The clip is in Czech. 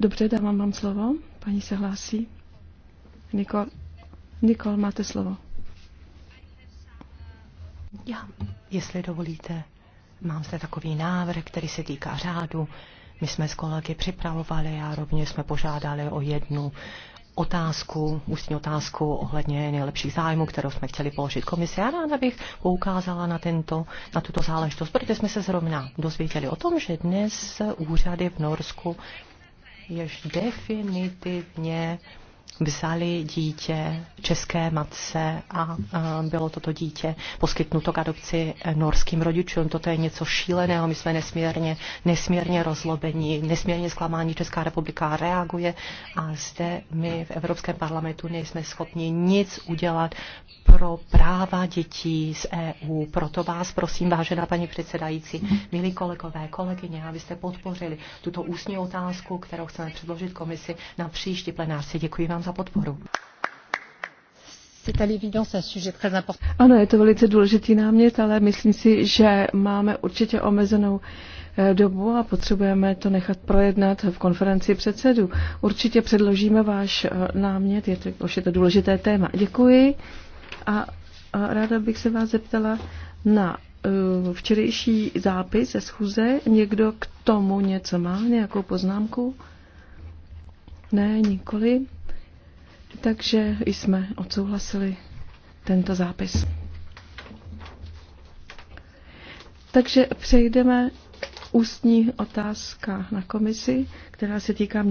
Dobře, dávám vám slovo. Paní se hlásí. Nikol, Nikol máte slovo. Já, jestli dovolíte, mám zde takový návrh, který se týká řádu. My jsme s kolegy připravovali a rovněž jsme požádali o jednu otázku, ústní otázku ohledně nejlepších zájmů, kterou jsme chtěli položit komisi. Já ráda bych poukázala na, tento, na tuto záležitost, protože jsme se zrovna dozvěděli o tom, že dnes úřady v Norsku jež definitivně vzali dítě české matce a bylo toto dítě poskytnuto k adopci norským rodičům. Toto je něco šíleného, my jsme nesmírně, nesmírně rozlobení, nesmírně zklamání. Česká republika reaguje a zde my v Evropském parlamentu nejsme schopni nic udělat pro práva dětí z EU. Proto vás prosím, vážená paní předsedající, milí kolegové, kolegyně, abyste podpořili tuto ústní otázku, kterou chceme předložit komisi na příští plenárce. Děkuji vám za podporu. Ano, je to velice důležitý námět, ale myslím si, že máme určitě omezenou eh, dobu a potřebujeme to nechat projednat v konferenci předsedu. Určitě předložíme váš eh, námět, je to, je to důležité téma. Děkuji. A, a ráda bych se vás zeptala na uh, včerejší zápis ze schůze. Někdo k tomu něco má, nějakou poznámku? Ne, nikoli. Takže jsme odsouhlasili tento zápis. Takže přejdeme ústní otázka na komisi, která se týká